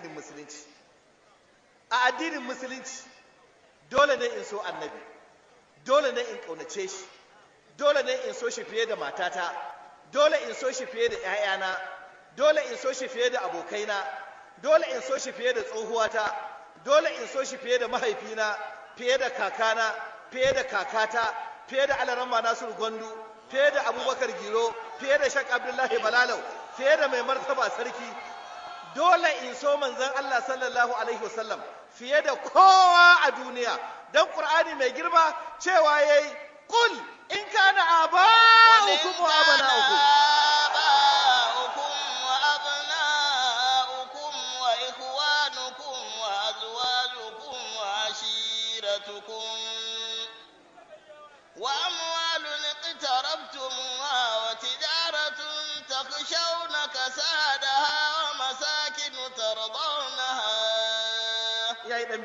addinin musulunci a addinin musulunci dole ne in so annabi dole ne in ƙaunace shi dole ne in so shi fiye da matata dole in so shi fiye da 'ya'yana dole in so shi fiye da abokaina dole in so shi fiye da tsohuwata dole in so shi fiye da mahaifina fiye da kakana fiye da kakata fiye da alaramma nasiru gwandu fiye da abubakar giro fiye da shak abdullahi balalau fiye da mai martaba sarki dole in so manzon Allah sallallahu alaihi wasallam fiye da kowa a duniya dan qur'ani mai girma cewa yayi qul in kana aba'ukum wa abana'ukum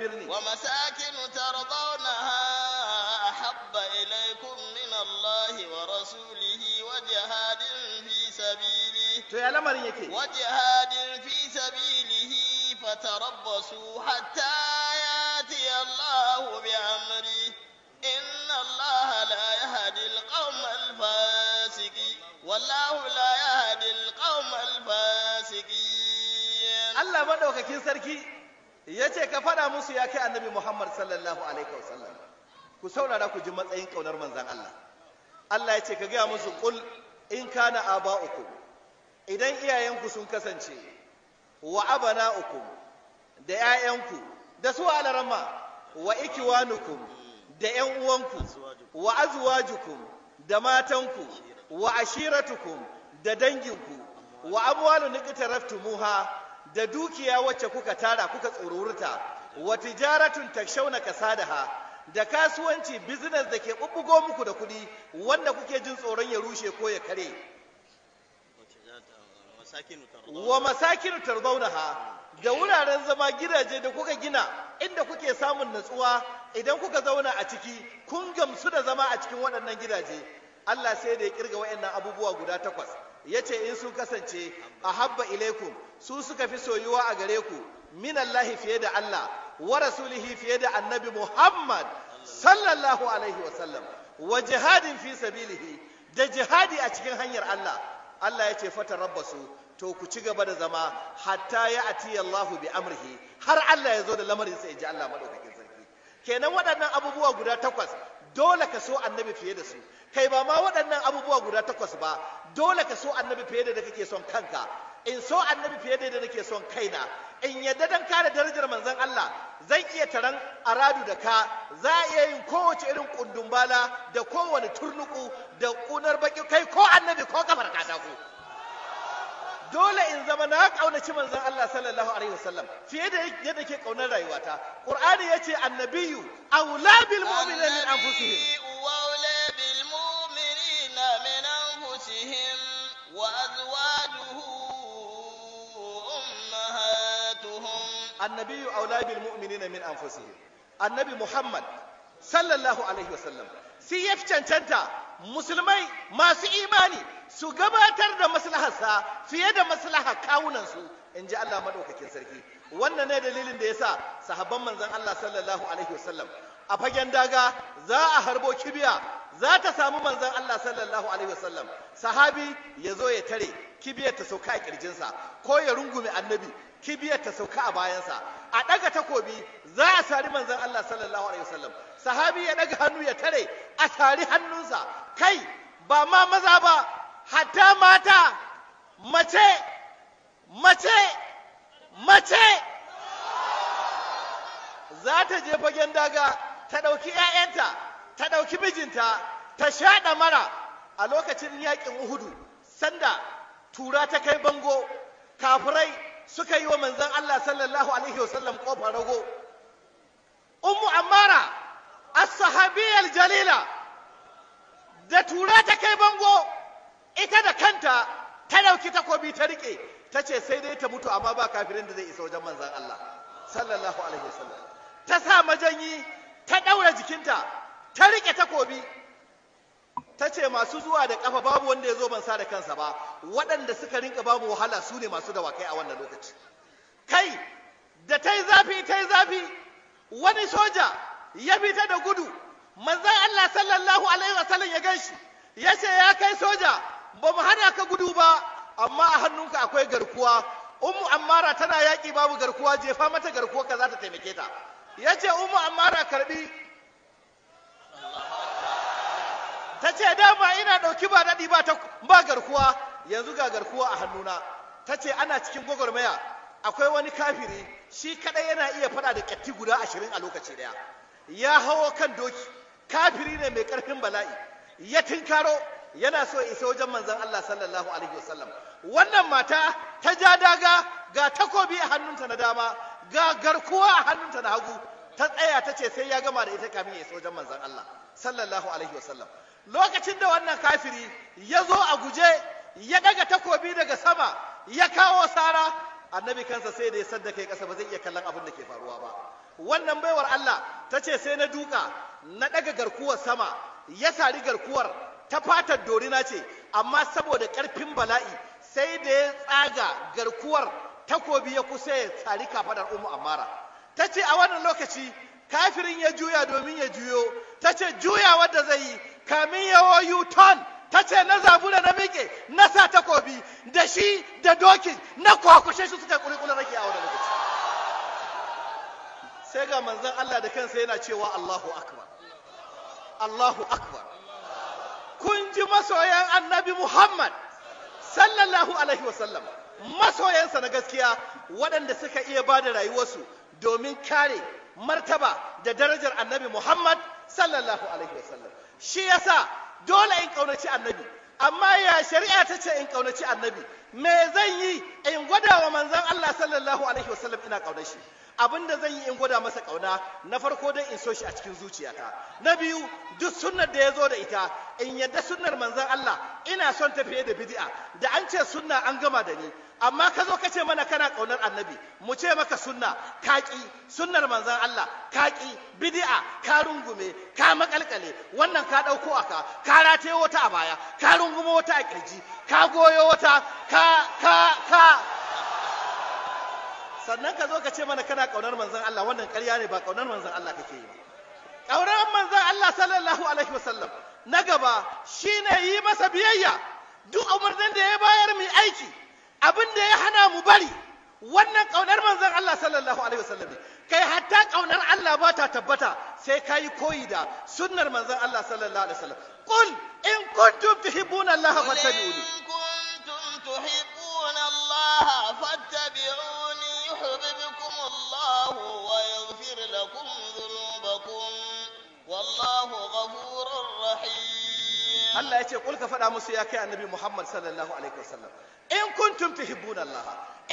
wa masakin tarbauna ahabba ilaykum min Allah wa rasulih wa jihadin fi sabilihi to ya lamarin yake wa jihadin fi sabilihi fatarabbasu hatta yati Allah bi amri inna Allah la yahdi alqawm alfasiki wallahu la yahdi alqawm alfasiki Allah madaukakin sarki ya ce ka faɗa musu ya kai annabi muhammad sallallahu alaihi wasallam ku saurara ku ji matsayin ƙaunar manzan allah allah ya ce ka gaya musu ƙul in kana uku. idan iyayenku sun kasance wa uku da 'ya'yanku da su alarama wa ikiwanukum da ƴan uwanku wa azwajukum da matanku wa ashiratukum da danginku wa amwalu tumuha. da dukiya wacce kuka tara kuka tsururta wa tijaratun takshauna kasadaha da kasuwanci business da ke bubbugo muku da kuɗi wanda kuke jin tsoron ya rushe ko ya kare wa masakinu tardaunaha da wuraren zama gidaje da kuka gina inda kuke samun natsuwa idan kuka zauna a ciki kun gamsu da zama a cikin waɗannan gidaje Allah sai da ya kirga waɗannan abubuwa guda takwas Ya ce in sun kasance a habba ilaikum su suka fi soyuwa a gare ku min Allah fiye da Allah wa rasulihi fiye da annabi Muhammad sallallahu alaihi wa sallam wa jihadin fi sabilihi da jihadi a cikin hanyar Allah Allah ya ce yace rabbasu to ku ci gaba da zama hatta ya ati Allah bi amrihi har Allah ya zo da lamarin sa ji Allah madaukakin sarki kenan waɗannan abubuwa guda takwas dole ka so annabi fiye da su kai ba ma waɗannan abubuwa guda takwas ba dole ka so annabi fiye da kake son kanka in so annabi fiye da nake son kaina in yadda dan kare darajar manzon Allah zan iya taran aradu da ka za a iya yin kowace irin kundumbala da kowane turnuku da kunar baki kai ko annabi ko kafar katako dole in zama na kaunaci manzon Allah sallallahu alaihi wasallam fiye da yadda ke kaunar rayuwata qur'ani yace annabiyu aula bil mu'minina min anfusihim وأزواجه أمهاتهم النبي أولى بالمؤمنين من أنفسهم النبي محمد صلى الله عليه وسلم sai ya fi cancanta musulmai masu imani su gabatar da maslaharsa fiye da maslaha kawunansu in ji Allah maɗaukakin sarki wannan ne dalilin da ya sa sahabban manzon Allah sallallahu alaihi wasallam a fagen daga za a harbo kibiya za ta samu manzon Allah sallallahu alaihi wasallam sahabi ya zo ya tare kibiyar ta sauka a kirjinsa ko ya rungume annabi kibiyar ta sauka a bayansa a daga takobi za a sari manzon Allah sallallahu alaihi wasallam sahabi ya daga hannu ya tare a sari hannunsa kai ba ma maza ba hatta mata mace mace mace za ta je fagen daga ta ɗauki 'ya'yanta ta ɗauki mijinta ta shaɗa mara a lokacin yaƙin uhudu sanda tura ta kai bango kafirai suka yi wa manzan Allah sallallahu alaihi wasallam ƙofar rago ummu ammara as jalila da tura ta kai bango ita da kanta ta ɗauki takobi ta riƙe, ta ce sai dai ta mutu amma ba kafirin da zai isa wajen manzan Allah sallallahu alaihi wasallam ta sa majanyi ta ɗaura jikinta ta riƙe takobi ta ce masu zuwa da kafa babu wanda ya zo ban sa da kansa ba waɗanda suka rinka babu wahala su ne masu dawakai a wannan lokaci kai da ta yi zafi ta yi zafi wani soja ya fita da gudu manzan Allah sallallahu alaihi wasallam ya gan shi ya ce ya kai soja ba mu hana ka gudu ba amma a hannunka akwai garkuwa ummu ammara tana yaki babu garkuwa jefa mata garkuwa ka za ta taimake ta ya ce ummu ammara karbi ta ce dama ina ɗauki ba daɗi ba ta ba garkuwa yanzu ga garkuwa a hannuna ta ce ana cikin gwagwarmaya akwai wani kafiri shi kaɗai yana iya faɗa da ƙyatti guda ashirin a lokaci ɗaya ya hawo kan doki kafiri ne mai ƙarfin bala'i ya tinkaro yana so ya isa wajen manzon Allah sallallahu alaihi wasallam wannan mata ta ja daga ga takobi a hannunta na dama ga garkuwa a hannunta na hagu ta tsaya ta ce sai ya gama da ita kamin ya isa wajen manzon Allah sallallahu alaihi wasallam lokacin da wannan kafiri ya zo a guje ya daga takobi daga sama ya kawo sara annabi kansa sai da ya sadda kai kasa ba zai iya kallon abin da ke faruwa ba wannan baiwar Allah ta ce sai na duka na ɗaga garkuwar sama ya sari garkuwar ta fatar dorina ce amma saboda karfin bala'i sai da ya tsaga garkuwar takobi ya kusa ya tsari kafadar umu amara ta ce a wannan lokaci kafirin ya juya domin ya juyo ta ce juya wadda zai yi kamin yawo yuton ta ce na zabu da na miƙe na sa takobi da shi da doki na kwakushe shi suka kulikula rake a wani lokaci sai ga manzon Allah da kansa yana cewa Allahu akbar Allahu akbar kun ji masoyan annabi Muhammad sallallahu alaihi wasallam masoyansa na gaskiya waɗanda suka iya bada da rayuwarsu domin kare martaba da darajar annabi Muhammad sallallahu alaihi wasallam shi yasa dole in ƙaunaci annabi amma ya shari'a ta ce in ƙaunaci annabi me zan yi in gwada wa manzon Allah sallallahu alaihi wasallam ina ƙaunar shi abin da zan yi in gwada masa ƙauna na farko dai in so shi a cikin zuciyata na biyu duk sunnar da ya zo da ita in yadda sunnar manzon Allah ina son ta fiye da bid'a da an ce sunna an gama da ni amma ka zo ka ce mana kana ƙaunar annabi mu ce maka sunna kaƙi sunnar manzon Allah ƙi, bid'a ka rungume ka makalkale wannan ka ɗauko aka ka rataye wata a baya ka rungume wata a ƙirji, ka goyo wata ka ka ka sannan ka zo ka ce mana kana kaunar manzon Allah wannan ƙarya ne ba kaunar manzon Allah kake yi ba kaunar manzon Allah sallallahu alaihi wasallam na gaba shine yi masa biyayya duk umarnin da ya bayar mu aiki abin da ya hana mu bari wannan kaunar manzon Allah sallallahu alaihi wasallam kai hatta kaunar Allah ba ta tabbata sai ka yi koyi da sunnar manzon Allah sallallahu alaihi wasallam qul in kuntum tuhibbuna Allah fattabi'uni in kuntum tuhibbuna Allah fattabi'uni يأخذ بكم الله ويغفر لكم ذنوبكم ya kai annabi Muhammad sallallahu alaihi wasallam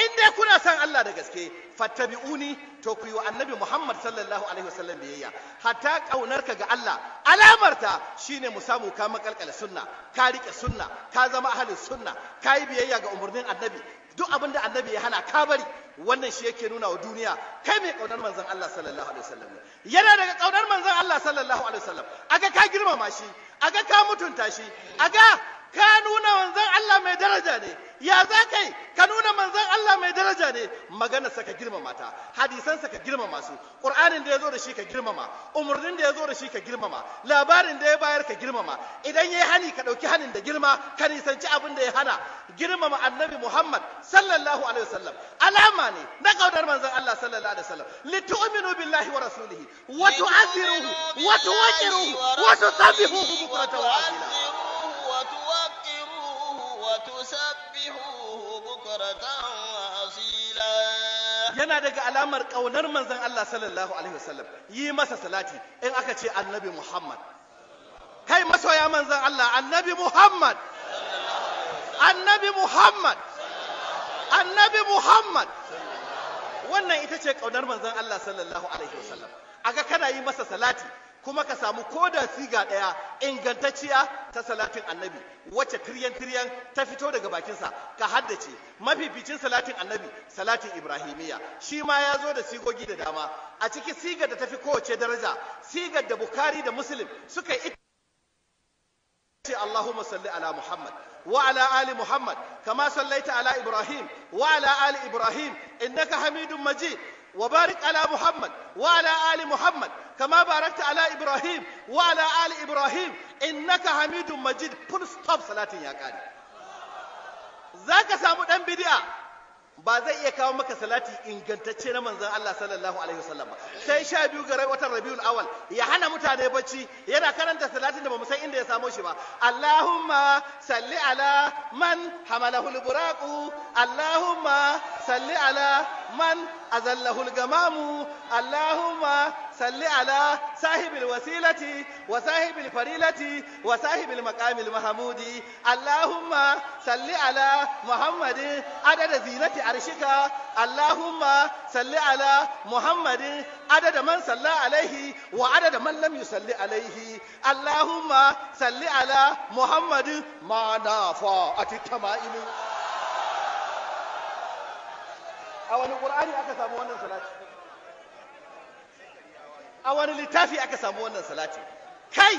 in dai kuna san Allah da gaske fattabi'uni to ku yi wa annabi Muhammad biyayya hatta kaunarka ga Allah alamarta shine mu samu ka makalkala sunna ka rike sunna ka zama ahlus sunna ka biyayya ga umurnin duk abin da annabi ya hana ka bari wannan shi yake nuna wa duniya kai mai kaunar manzon Allah sallallahu alaihi wasallam yana daga kaunar manzon Allah sallallahu alaihi wasallam aga ka girmama shi aga ka mutunta shi aga ka nuna manzon Allah mai daraja ne ya za ka yi ka nuna manzon Allah mai daraja ne magana ka girmama ta hadisan ka girmama su qur'anin da ya zo da shi ka girmama umurnin da ya zo da shi ka girmama labarin da ya bayar ka girmama idan yayi hani ka dauki hanin da girma ka nisanci abin da ya hana girmama annabi Muhammad sallallahu alaihi wasallam alama ne na kaudar manzon Allah sallallahu alaihi wasallam litu'minu billahi wa rasulihi wa tu'azziruhu wa tuwaqqiruhu wa tusabbihuhu bukratan wa asila tana daga alamar ƙaunar manzon Allah sallallahu alaihi wasallam yi masa salati in aka ce annabi Muhammad kai masoya manzon Allah annabi Muhammad annabi Muhammad annabi Muhammad wannan ita ce ƙaunar manzon Allah sallallahu alaihi wasallam aga kana yi masa salati kuma ka samu ko da siga ɗaya ingantacciya ta salatin annabi wacce tiryan tiryan ta fito daga bakinsa ka haddace mafificin salatin annabi salatin ibrahimiya shi ma ya zo da sigogi da dama a ciki sigar da tafi kowace daraja sigar da bukari da muslim suka yi ce Allahumma salli ala Muhammad wa ala ali Muhammad kama sallaita ala Ibrahim wa ala ali Ibrahim innaka Hamidum Majid wa barik ala Muhammad wa ala ali Muhammad كما باركت على إبراهيم وعلى آل إبراهيم إنك حميد مجيد فل ستوب صلاة يا كاري ذاك سامو دان بديا ba zai iya kawo maka salati ingantacce na manzon Allah sallallahu alaihi wasallam sai sha biyu ga watan Rabiul Awal ya hana mutane bacci yana karanta salatin da bamu san inda ya samo shi ba Allahumma salli ala man hamalahu al Allahumma salli ala من أذله الغمام اللهم صل على صاحب الوسيلة وصاحب الفريلة وصاحب المقام المحمود اللهم صل على محمد عدد زينة عرشك اللهم صل على محمد عدد من صلى عليه وعدد من لم يصلي عليه اللهم صل على محمد ما نافعت التمائم a wani qur'ani aka samu wannan salati a wani littafi aka samu wannan salati kai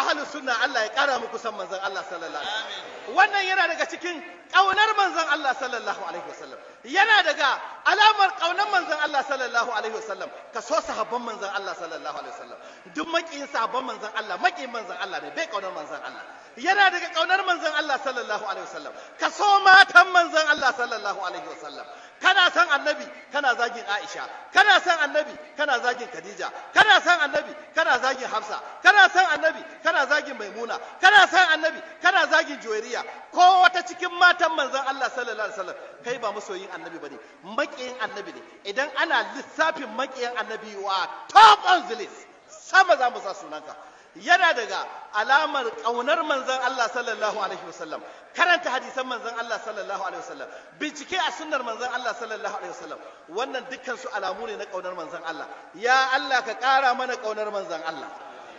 ahlus sunna Allah ya kara muku san manzon Allah sallallahu alaihi wannan yana daga cikin kaunar manzon Allah sallallahu alaihi wasallam yana daga alamar kaunar manzon Allah sallallahu alaihi wasallam ka so sahabban manzon Allah sallallahu alaihi wasallam duk makiyin sahabban manzon Allah makiyin manzon Allah ne bai kaunar manzon Allah yana daga kaunar manzon Allah sallallahu alaihi wasallam ka so matan manzon Allah sallallahu alaihi wasallam kana san annabi kana zagin aisha kana son annabi kana zagin khadija kana son annabi kana zagin hafsa kana son annabi kana zagin maimuna kana son annabi kana zagin juwairiya ko wata cikin matan manzon Allah sallallahu alaihi wasallam kai ba masoyin annabi bane makiyin annabi ne idan ana lissafin makiyin annabi wa top on the list sama za mu sa sunanka yana daga alamar ƙaunar manzon Allah sallallahu alaihi wasallam karanta hadisan manzon Allah sallallahu alaihi wasallam bincike a sunnar manzon Allah sallallahu alaihi wasallam wannan dukkan su alamu ne na ƙaunar manzon Allah ya Allah ka ƙara mana ƙaunar manzon Allah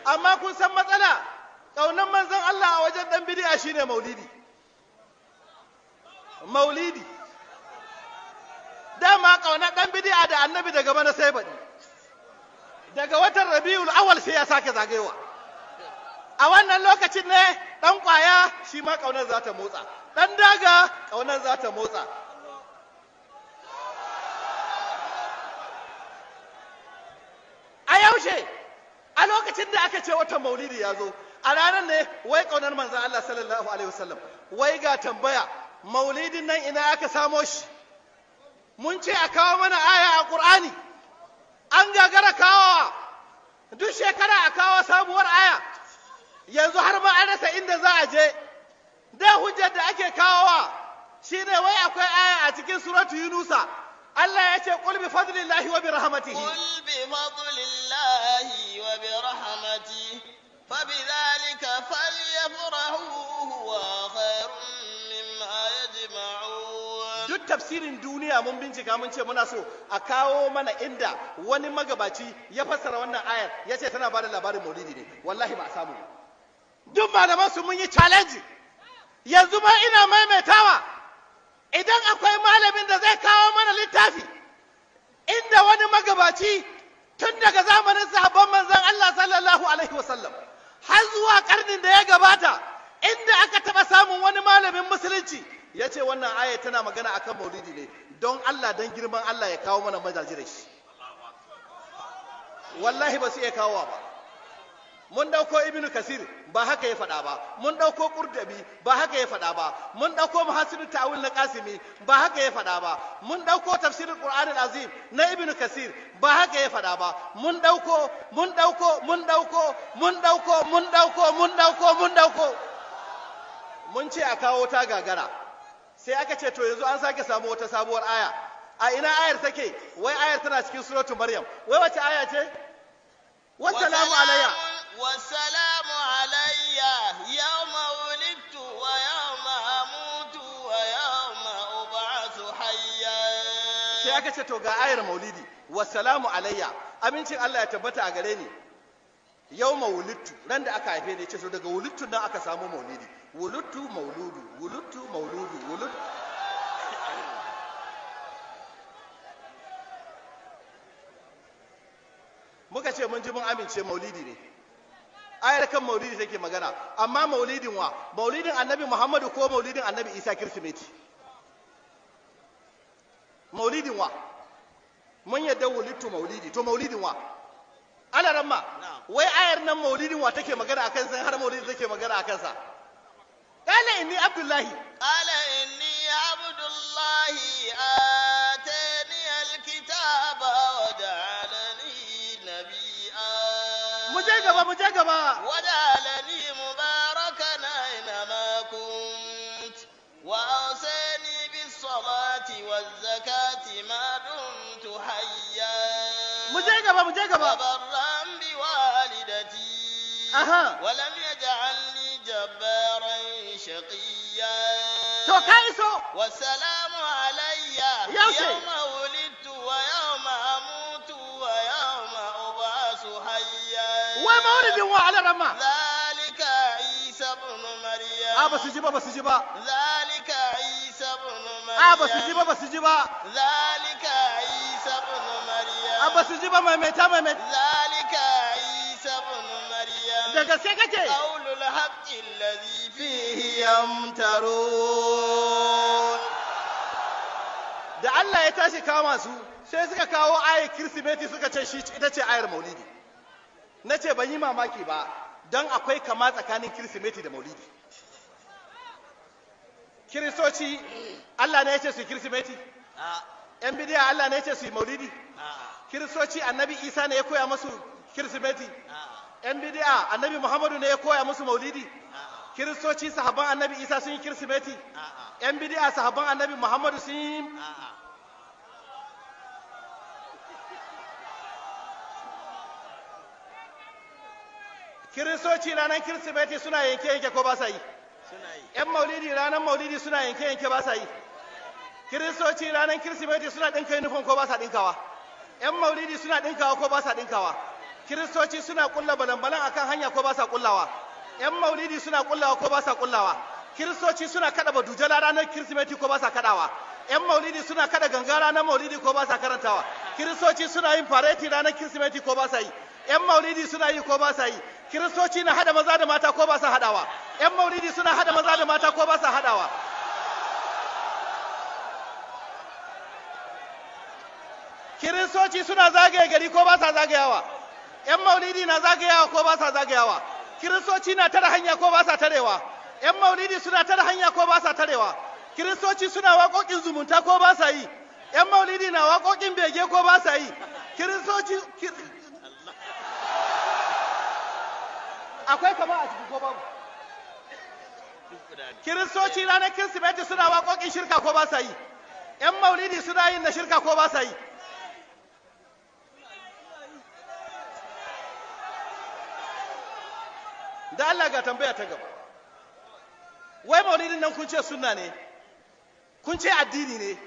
amma kun san matsala ƙaunar manzon Allah a wajen dan bid'a shine maulidi maulidi dama ƙauna dan bid'a da annabi daga bana sai baɗi daga watan rabiul awal sai ya sake zagayewa a wannan lokacin ne ɗan ƙwaya shi ma ƙaunar za ta motsa ɗan daga ƙaunar za ta motsa a yaushe a lokacin da aka ce wata maulidi ya zo a ranar ne wai ƙaunar manzan Allah sallallahu alaihi wasallam wai ga tambaya maulidin nan ina aka samo shi mun ce a kawo mana aya a ƙur'ani an gagara kawowa duk shekara a kawo sabuwar aya yanzu har ma an rasa inda za a je da hujja da ake kawowa shine wai akwai aya a cikin suratu yunusa Allah ya ce qul bi fadlillahi wa bi rahmatihi qul bi wa bi rahmatihi fa bi dhalika falyafrahu huwa khairun mimma yajma'un duk tafsirin duniya mun bincika mun ce muna so a kawo mana inda wani magabaci ya fassara wannan ayar ya ce tana bada labarin maulidi ne wallahi ba a samu ba duk malaman su mun yi challenge yanzu ma ina maimaitawa idan akwai malamin da zai kawo mana littafi inda wani magabaci tun daga zamanin sahabban manzon Allah sallallahu alaihi wasallam har zuwa karnin da ya gabata inda aka taba samun wani malamin musulunci ya ce wannan aya tana magana akan maulidi ne don Allah don girman Allah ya kawo mana majajirai shi wallahi ba su iya kawo ba mun dauko ibnu kasir ba haka ya faɗa ba mun dauko qurdabi ba haka ya faɗa ba mun dauko muhasibu ta'awil na qasimi ba haka ya faɗa ba mun dauko tafsirin qur'anul azim na ibnu kasir ba haka ya faɗa ba mun dauko mun dauko mun dauko mun dauko mun dauko mun dauko mun dauko mun ce a kawo ta gagara sai aka ce to yanzu an sake samu wata sabuwar aya a ina ayar take wai ayar tana cikin suratul maryam wai wace aya ce salamu alayya والسلام علي يوم ولدت ويوم أموت ويوم أبعث حيا sai aka ce to ga ayar maulidi wasalamu alayya amincin Allah ya tabbata a gare ni yau mawulittu ran da aka haife ni ce so daga wulittu nan aka samu maulidi wuluttu mauludu wuluttu mauludu wuluttu muka ce mun ji mun amince maulidi ne ayar kan maulidi take magana amma maulidin wa maulidin annabi muhammadu ko maulidin annabi isa kirsimeti maulidin wa mun yadda wulittu maulidi to maulidin wa ana ran ma wai ayar nan maulidin wa take magana akan sai har maulidi take magana akan sa qala inni abdullahi qala inni abdullahi atani alkitaba wa gaba mu je gaba wajalani mubarakan aina kunt wa asani bis salati waz zakati ma dumtu hayya mu je gaba mu je gaba barran bi walidati aha wa lam yaj'alni jabbaran shaqiyya to kai so wa salamu alayya yawma dalilin wa alaran ma zalika isa ibn maryam a basu ji ba basu ji ba zalika isa ibn maryam a basu ji ba basu ji ba zalika isa ibn maryam a basu ji ba zalika isa ibn maryam da gaske kake qaulul haqqi fihi yamtarun da Allah ya tashi kama su sai suka kawo ayi kirsimeti suka ce shi ita ce ayar maulidi na ce ban yi mamaki ba don akwai kama tsakanin kirsimeti da maulidi kiristoci allah ne ya ce su kirsimeti yan bidiya allah ne ya ce su yi maulidi kiristoci annabi isa ne ya koya musu kirsimeti yan bidiya annabi muhammadu ne ya koya musu maulidi kiristoci sahaban annabi isa sun yi kirsimeti yan bidiya sahaban annabi muhammadu sun yi kiristoci ranar kirsimeti suna yanke yanke ko ba sa yi yan maulidi ranar maulidi suna yanke yanke ba sa yi kiristoci ranar kirsimeti suna ɗinka yunifon ko ba sa ɗinkawa yan maulidi suna ɗinkawa ko ba sa ɗinkawa kiristoci suna ƙulla balambalan akan hanya ko ba sa ƙullawa yan maulidi suna ƙullawa ko ba sa ƙullawa kiristoci suna kaɗa badujala ranar kirsimeti ko ba sa kaɗawa yan maulidi suna kaɗa ganga ranar maulidi ko ba sa karantawa kiristoci suna yin fareti ranar kirsimeti ko ba sa yi 'yan maulidi suna yi ko ba sa yi kiristoci na hada maza da mata ko ba sa hadawa 'yan maulidi suna hada maza da mata ko ba sa hadawa kiristoci suna zagaye gari ko ba sa zagayawa 'yan maulidi na zagayawa ko ba sa zagayawa kiristoci na tare hanya ko ba sa tarewa 'yan maulidi suna tare hanya ko ba sa tarewa kiristoci suna waƙoƙin zumunta ko ba sa yi 'yan maulidi na waƙoƙin bege ko ba sa yi kiristoci akwai kama a cikin ko babu kiristoci ranar kirsimeti suna waƙoƙin shirka ko ba sa yi yan maulidi suna yin da shirka ko ba sa yi da Allah ga tambaya ta gaba wai maulidin nan kun ce sunna ne kun ce addini ne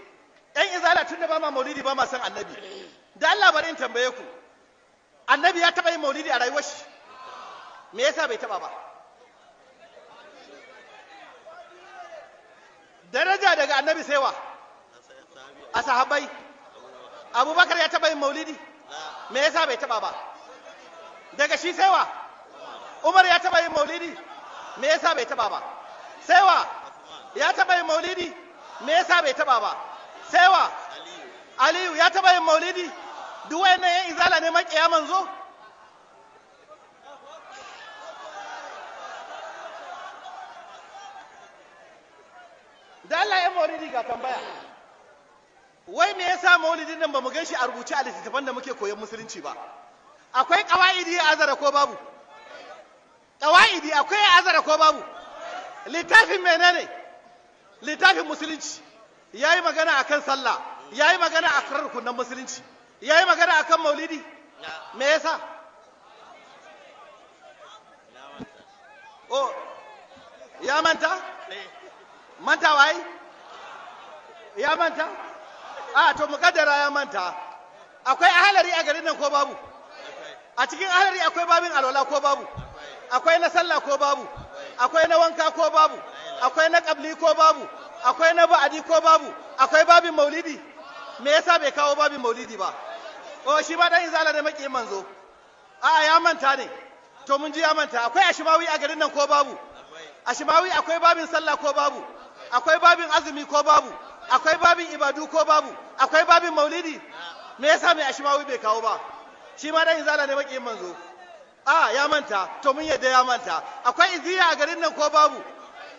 yan izala tun da ba ma maulidi ba ma san annabi da Allah bari in tambaye ku annabi ya taɓa yin maulidi a rayuwar shi me yasa bai taba ba daraja daga annabi saiwa a sahabbai abubakar ya taba yin maulidi me yasa bai taba ba daga shi saiwa umar ya taba yin maulidi me yasa bai taba ba saiwa ya taba yin maulidi me yasa bai taba ba saiwa aliyu ya taba yin maulidi duk wayannan yan izala ne makiya manzo da Allah ya maulidi ga tambaya wai me yasa maulidin nan bamu gan shi a rubuce a littattafan da muke koyon musulunci ba akwai kawaidi a azara ko babu kawaidi akwai a azara ko babu littafin menene littafin musulunci yayi magana akan sallah yayi magana akan rukunan musulunci yayi magana akan maulidi me yasa oh ya manta eh. manta wai ya manta a to mukaddara ya manta akwai ahalari a garin nan ko babu a cikin ahalari akwai babin alwala ko babu akwai na sallah ko babu akwai na wanka ko babu akwai na kabli ko babu akwai na ba'adi ko babu akwai babin maulidi me yasa bai kawo babin maulidi ba o shi ba dan izala da maki manzo a'a ya manta ne to mun ji ya manta akwai ashimawi a garin nan ko babu ashimawi akwai babin sallah ko babu akwai babin azumi ko babu akwai babin ibadu ko babu akwai babin maulidi me yasa mai ashimawi bai kawo ba shi ma dan izala ne makiyin manzo a ya manta to mun yadda ya manta akwai iziya a garin nan ko babu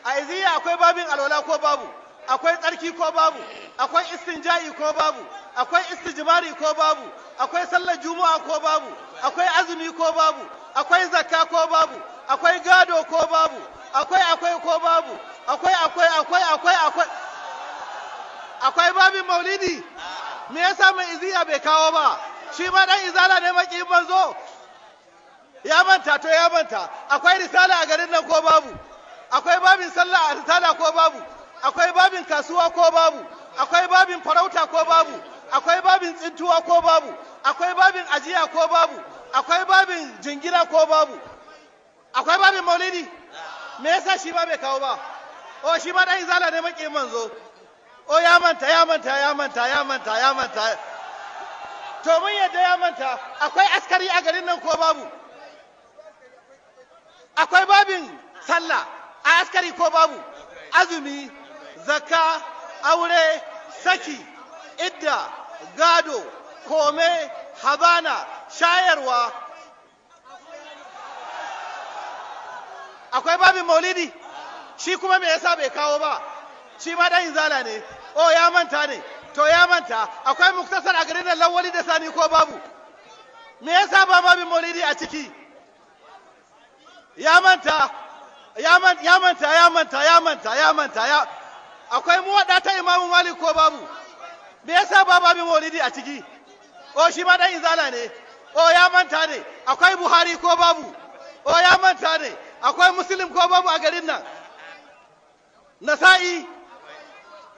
a iziya akwai babin alwala ko babu akwai tsarki ko babu akwai istinja'i ko babu akwai istijmari ko babu akwai sallar juma'a ko babu akwai azumi ko babu akwai zakka ko babu akwai gado ko babu akwai akwai ko babu akwai akwai akwai akwai akwai akwai babin maulidi me yasa mai iziya bai kawo ba shi ma dan izala ne maki zo ya manta to ya manta akwai risala a garin nan ko babu akwai babin sallah a risala ko babu akwai babin kasuwa ko babu akwai babin farauta ko babu akwai babin tsintuwa ko babu akwai babin ajiya ko babu akwai babin jingira ko babu akwai babin maulidi me yasa shi ba bai kawo ba o shi ba dai zala ne maki manzo o ya manta ya manta ya manta ya manta ya manta to mun yadda ya manta akwai askari a garin nan ko babu akwai babin sallah a askari ko babu azumi zakka aure saki idda gado kome habana shayarwa akwai babin maulidi shi kuma me yasa bai kawo ba shi ma dan zala ne oh ya manta ne to ya manta akwai muktasar a garin lawali da sani ko babu me yasa ba babin maulidi a ciki ya manta ya manta ya manta ya manta ya manta ya manta ya akwai mu ta imamu malik ko babu me yasa ba babin maulidi a ciki oh shi ma dan izala ne oh ya manta ne akwai buhari ko babu oh ya manta ne akwai muslim ko babu a garin nan nasa'i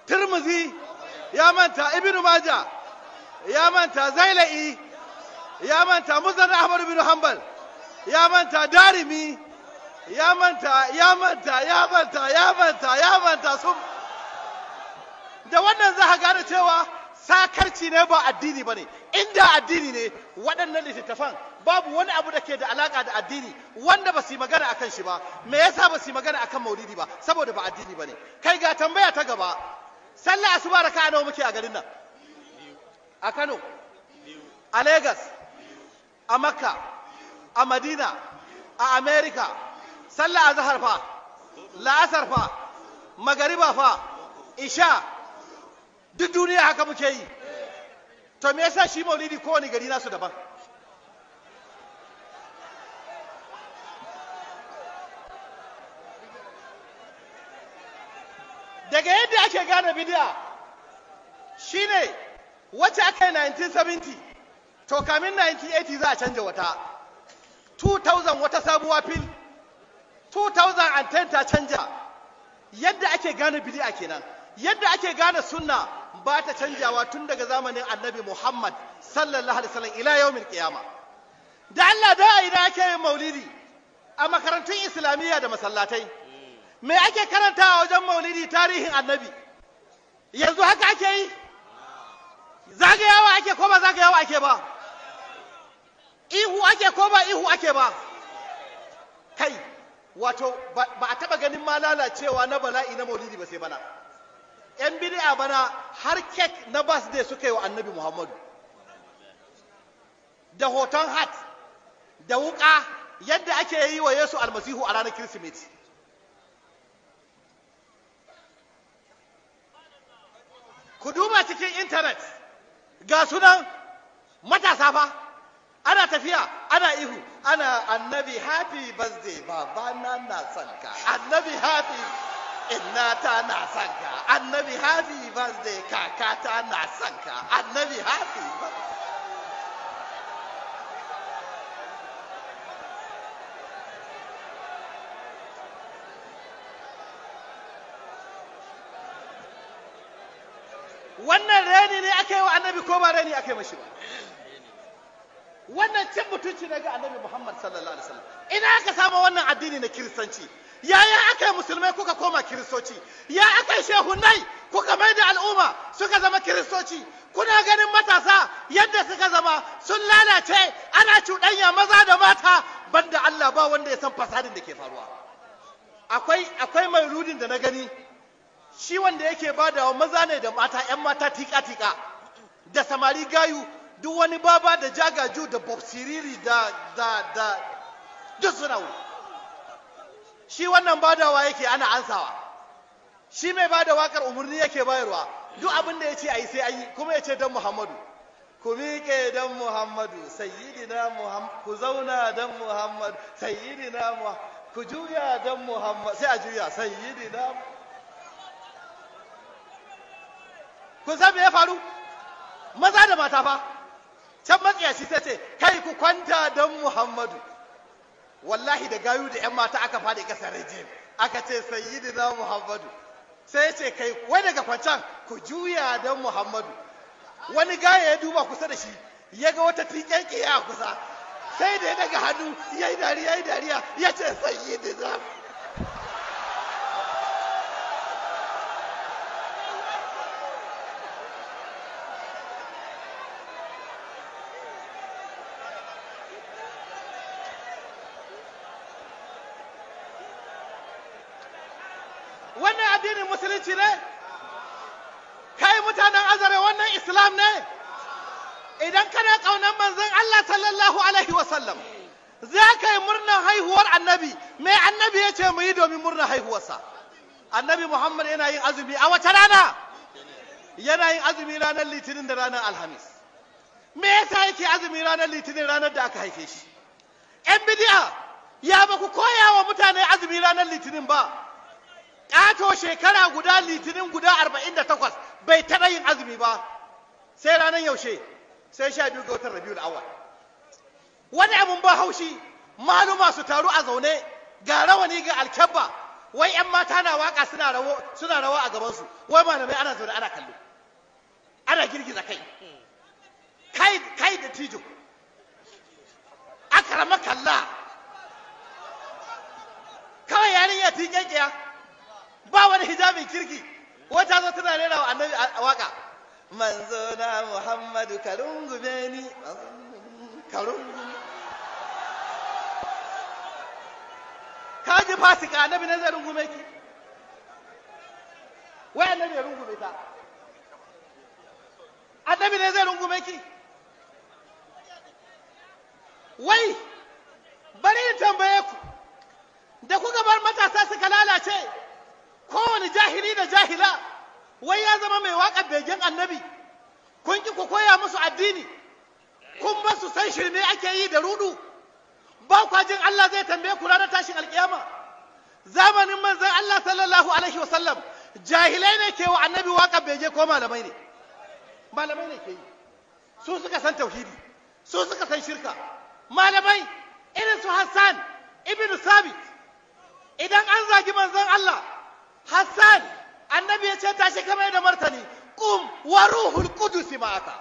turmuzi ya manta ibnu maja ya manta zaila'i ya manta muzan ahmad bin hanbal ya manta darimi ya manta ya manta ya manta ya manta ya manta sun da wannan za ka gane cewa sakarci ne ba addini ba ne inda addini ne waɗannan littattafan babu wani abu da ke da alaka da addini wanda ba su yi magana akan shi ba me yasa ba su yi magana akan maulidi ba saboda ba addini ba ne? kai ga tambaya ta gaba sallah asuba raka'a nawa muke a garin nan a Kano a Legas, a Makka a Madina a America sallah azhar fa la'asar fa magariba fa isha duk duniya haka muke yi to me yasa shi maulidi kowane gari nasu daban manta bidiya shine wacce aka yi 1970 to kamin 1980 za a canja wata 2000 wata sabuwa fil 2010 ta canja yadda ake gane bidiya kenan yadda ake gane sunna ba ta canjawa tun daga zamanin annabi muhammad sallallahu alaihi wasallam ila yawmin qiyama da Allah da da ake yin maulidi a makarantun islamiyya da masallatai me ake karantawa wajen maulidi tarihin annabi yanzu haka ake yi zagayawa ake ko ba zagayawa ake ba ihu ake ko ba ihu ake ba kai wato ba a taɓa ganin ma lalacewa na bala'i na maulidi ba sai bana yan bid'a bana har kek na bas birthday suka yi wa annabi muhammadu da hoton hat da wuka yadda ake yi wa yesu almasihu a ranar kirsimeti ku duba cikin intanet ga sunan matasa fa ana tafiya ana ihu ana annabi happy birthday baba na na son ka annabi happy inna ta na son ka annabi happy birthday kaka ta na son ka annabi happy birthday wannan reni ne aka yi wa annabi ko ba reni aka yi mashi ba wannan cin mutunci ne ga annabi muhammad sallallahu alaihi wasallam ina aka samu wannan addini na kiristanci yaya aka yi musulmai kuka koma kiristoci ya aka yi shehunai kuka mai da al'umma suka zama kiristoci kuna ganin matasa yadda suka zama sun lalace ana cuɗanya maza da mata banda allah ba wanda ya san fasadin da ke faruwa akwai akwai mai rudin da na gani shi wanda yake badawa maza ne da mata 'yan mata tika-tika da samari gayu duk wani baba da jagaju da bobsiriri da da da duk suna shi wannan badawa yake ana ansawa shi mai bada wakar umarni yake bayarwa duk abin da ya ce a yi sai an yi kuma ya ce don muhammadu ku miƙe don muhammadu sayyidina muhammadu ku zauna don muhammadu sayyidina muhammadu ku juya don muhammadu sai a juya sayyidina muhammadu kun san me ya faru maza da mata fa can shi ta ce kai ku kwanta don muhammadu wallahi da gayu da yan mata aka faɗi ƙasar rejim aka ce sayyidina muhammadu sai ya ce kai wai daga kwancan ku juya don muhammadu wani gaya ya duba kusa da shi ya ga wata tiƙen a kusa sai da ya daga hannu ya yi dariya ya yi dariya ya ce sayyidina wasallam za ka yi murnar haihuwar annabi me annabi ya ce mu yi domin murnar haihuwarsa annabi muhammad yana yin azumi a wata rana yana yin azumi ranar litinin da ranar alhamis me yasa yake azumi ranar litinin ranar da aka haife shi yan bidi'a ya ba ku koya wa mutane azumi ranar litinin ba ƙato shekara guda litinin guda arba'in bai taɓa yin azumi ba sai ranar yaushe sai sha biyu ga watan rabiul awal wani abin ba haushi maluma su taru a zaune ga rawani ga alkyabba wai yan mata na waka suna rawa suna rawa a gabansu wai malamai ana zaune ana kallo ana girgiza kai kai kai da tijo akarama kalla kawai yarinya tin yankiya ba wani hijabin kirki wata zo tana rera wa annabi waka manzo na muhammadu karungu ni karungu ka ji fasika annabi ne zai rungume ki wai annabi ya rungume ta annabi ne zai rungume ki wai bari in tambaye ku da kuka bar matasa suka lalace kowane jahili da jahila wai ya zama mai waka begen annabi kun ki ku koya musu addini kun ba su san shirme ake yi da rudu ba kwa jin Allah zai tambaye ku ranar tashin alkiyama zamanin manzon Allah sallallahu alaihi wasallam jahilai ne ke wa annabi waka je ko malamai ne malamai ne ke yi su suka san tauhidi su suka san shirka malamai irin su Hassan ibn Sabit idan an zagi manzon Allah Hassan annabi ya ce tashi ka mai da martani kum wa ruhul qudus ma'aka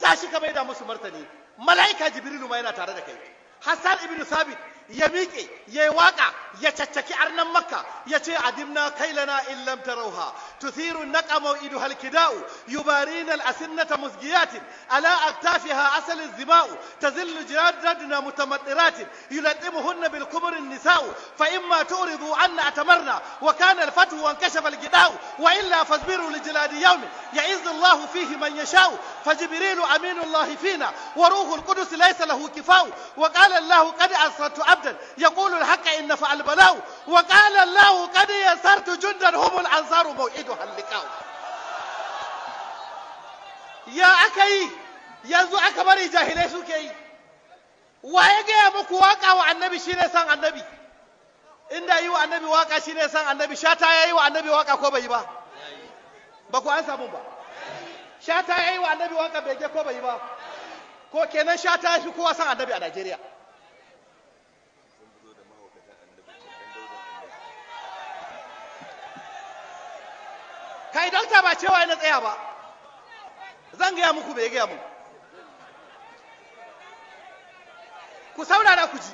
tashi ka mai da musu martani mala'ika jibrilu ma yana tare da kai حسان ابن ثابت ya miƙe ya yi waƙa ya caccaki arnan makka ya ce adimna kailana in lam tarauha tuthiru naqa maw'idu halkida'u yubarina al-asinnata musgiyatin ala aktafiha asal ziba'u tazillu jiradna mutamaddiratin yulatimuhunna bil kubri nisa'u fa imma turidu anna atamarna wa kana al-fatu wa inkashafa al-gida'u wa illa fasbiru li jiladi yawmin ya'izzu Allahu fihi man yasha'u فجبريل أمين الله فينا وروح القدس ليس له كفاء وقال الله قد أسرت عبدا يقول الحق إن فعل بلاو وقال الله قد يسرت جندا هم الأنصار موعدها اللقاء يا أكي yanzu aka bari jahilai suke yi wa ya gaya muku waka wa annabi shine san annabi inda yi wa annabi waka shine san annabi shata ya yi wa annabi waka ko bai yi ba ba ku an samu ba shata ya yi wa annabi ko bai yi ba kenan shata ya fi kowa san annabi a najeriya kai dalta ba cewa na tsaya ba zan gaya muku bai gaya mu ku saurara ku ji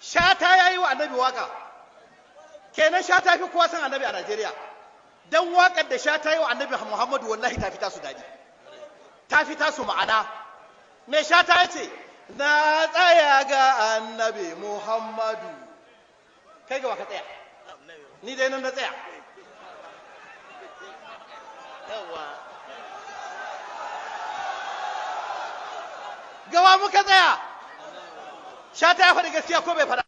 shata ya yi wa annabi waka kenan shata fi kowa san annabi a najeriya don wakar da shata yi wa annabi muhammadu wallahi ta fi tasu daɗi ta fi tasu ma'ana me shata ya ce na tsaya ga annabi muhammadu kai ga waka tsaya ni dai nan na tsaya yawa gawa muka tsaya shata ya faɗi gaskiya ko bai faɗa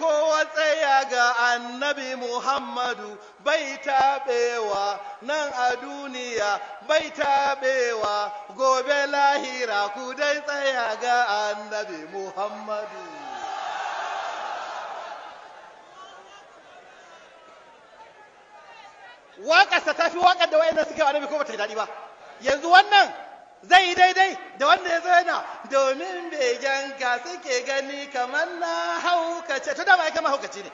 kowa tsaya ga annabi muhammadu bai taɓewa nan a duniya bai taɓewa gobe lahira ku dai tsaya ga annabi muhammadu waƙarsa ta fi waƙar da wayannan suka yi annabi ko bata daɗi ba yanzu wannan zai yi daidai da wanda ya zo yana domin begen ka suke gani kamar na haukace to dama ya kama haukace ne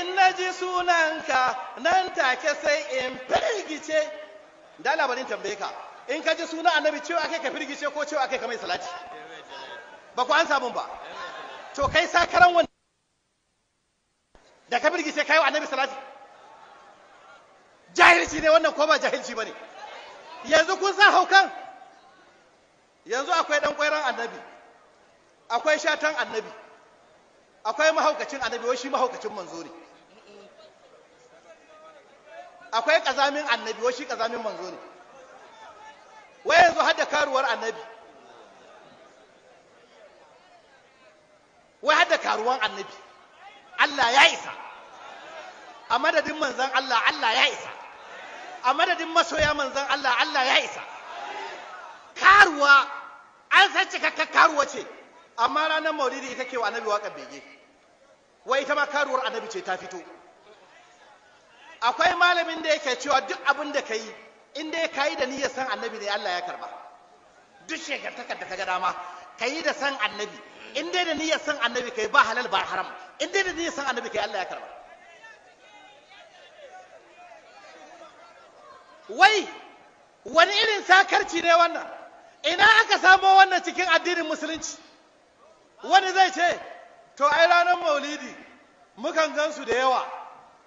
in na ji sunanka nan take sai in firgice da labarin tambaye ka in ka ji suna annabi cewa kai ka firgice ko cewa kai ka mai salati ba ku an samun ba to kai sakaran wani. da ka sai kai wa annabi salati jahilci ne wannan ko ba jahilci bane yanzu kun sa haukan yanzu akwai dan kwairan annabi akwai shatan annabi akwai mahaukacin annabi wai shi mahaukacin manzo ne akwai kazamin annabi wai shi kazamin manzo ne wai yanzu hada karuwar annabi wai hada karuwan annabi Allah ya isa a madadin manzan Allah Allah ya isa a madadin masoya manzan Allah Allah ya isa karuwa an san cikakkar karuwa ce amma ranar maulidi ita ke wa annabi waƙar bege wai ita ma karuwar annabi ce ta fito akwai malamin da yake cewa duk abin da ka yi in dai kayi da niyyar san annabi ne Allah ya karba duk shekartakar da ka ga dama Ka yi da san annabi in dai da niyyar san annabi kai ba halal ba haram in dai da niyyar san annabi kai Allah ya karba wai wani irin sakarci ne wannan ina aka samo wannan cikin addinin musulunci wani zai ce to ai ranar maulidi mukan gansu da yawa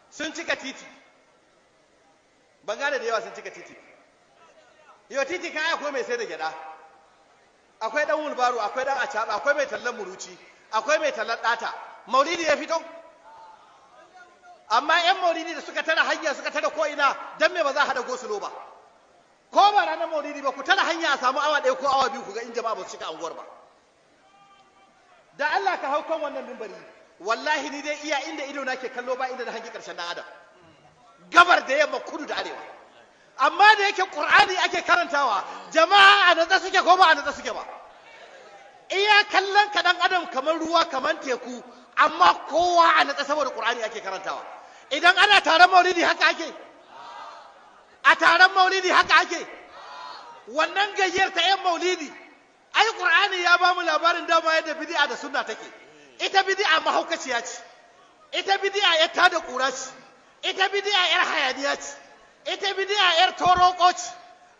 sun cika titi ban gane da yawa sun cika titi yau titi kan aya ko mai sai da gyada akwai dan wulbaro akwai dan acaba akwai mai tallan muruci akwai mai tallan ɗata maulidi ya fito amma yan maulidi da suka tara hanya suka tara ko ina dan me ba za a hada gosulo ba ko ba ranar maulidi ba ku tara hanya a samu awa ɗaya ko awa biyu ku ga in jama'a ba su cika anguwar ba da Allah ka hau kan wannan mimbari wallahi ni dai iya inda ido na ke kallo ba inda na hangi karshen dan adam gabar da yamma kudu da arewa amma da yake ƙur'ani ake karantawa jama'a a natsa suke ko ba a natsa suke ba iya kallon kaɗan adam kamar ruwa kamar teku amma kowa a natsa saboda ƙur'ani ake karantawa idan ana taron maulidi haka ake a taron maulidi haka ake wannan gayyar ta yan maulidi ai ƙur'ani ya ba mu labarin dama yadda bid'a da sunna take ita bid'a mahaukaciya ce ita bid'a ya tada ƙura ce ita bid'a yar hayaniya ce ita bidiya yar toro ce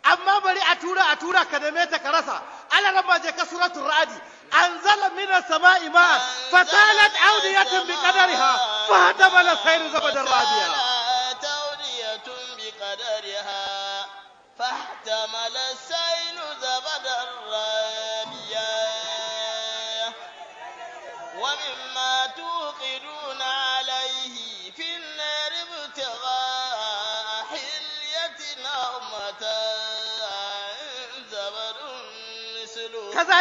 amma bari a tura a tura ka neme ta ka rasa ala rama je ka suratul ra'adi anzala minas sama'i ma'an fatalat awdiyatun bi qadariha fa hadama la sayru zabadan rabiya tawdiyatun bi qadariha فاحتمل السيل زبدا رابيا ومما توقد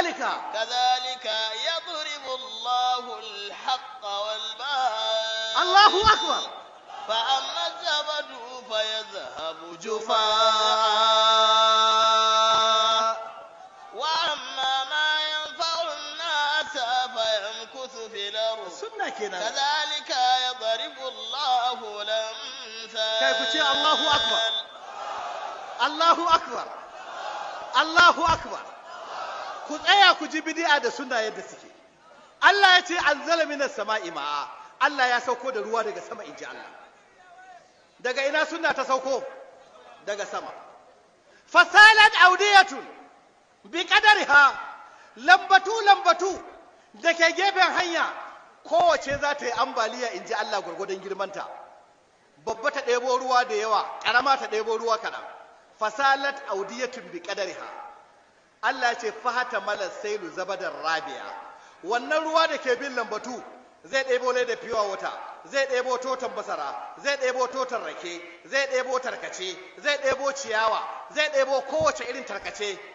كذلك كذلك يضرب الله الحق والباطل الله أكبر فأما الزبد فيذهب جفاء وأما ما ينفع الناس فيمكث في الأرض سنة كذلك يضرب الله الأمثال كيف الله أكبر الله أكبر الله أكبر ku tsaya ku ji bidi'a da suna yadda suke Allah ya ce anzala minas sama'i ma'a Allah ya sauko da ruwa daga sama inji Allah daga ina suna ta sauko daga sama fasalat audiyatun bi qadariha lambatu lambatu da ke gefen hanya kowace za ta yi ambaliya in ji Allah gwargwadon girmanta babba ta ɗebo ruwa da yawa ƙarama ta ɗebo ruwa kaɗan fasalat audiyatun bi qadariha Allah ce fahata malar sailu zabadar rabia wannan ruwa da ke bin lambatu zai ɗebo ne da fiwa wata zai ɗebo totan basara zai ɗebo totan rake zai ɗebo tarkace zai ɗebo ciyawa zai ɗebo kowace irin tarkace